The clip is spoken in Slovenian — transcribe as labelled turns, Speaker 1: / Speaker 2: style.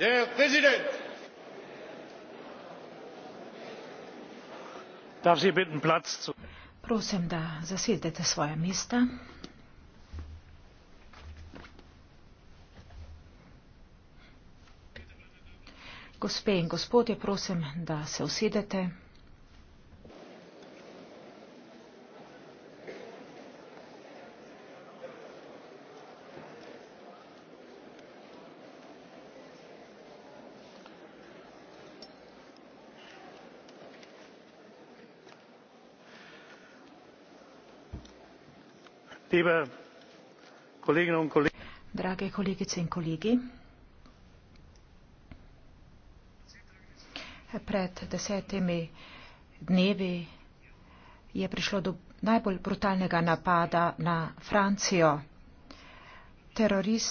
Speaker 1: Herr Präsident!
Speaker 2: Darf Sie bitten, Platz zu
Speaker 3: Prosim, da zasedete svoje mesta. Gospe in gospodje, prosim, da se usedete.
Speaker 4: liebe kolleginnen und kollegen
Speaker 3: drage kolegice in kolegi pred desetimi dnevi je prišlo do najbolj brutalnega napada na francijo terorist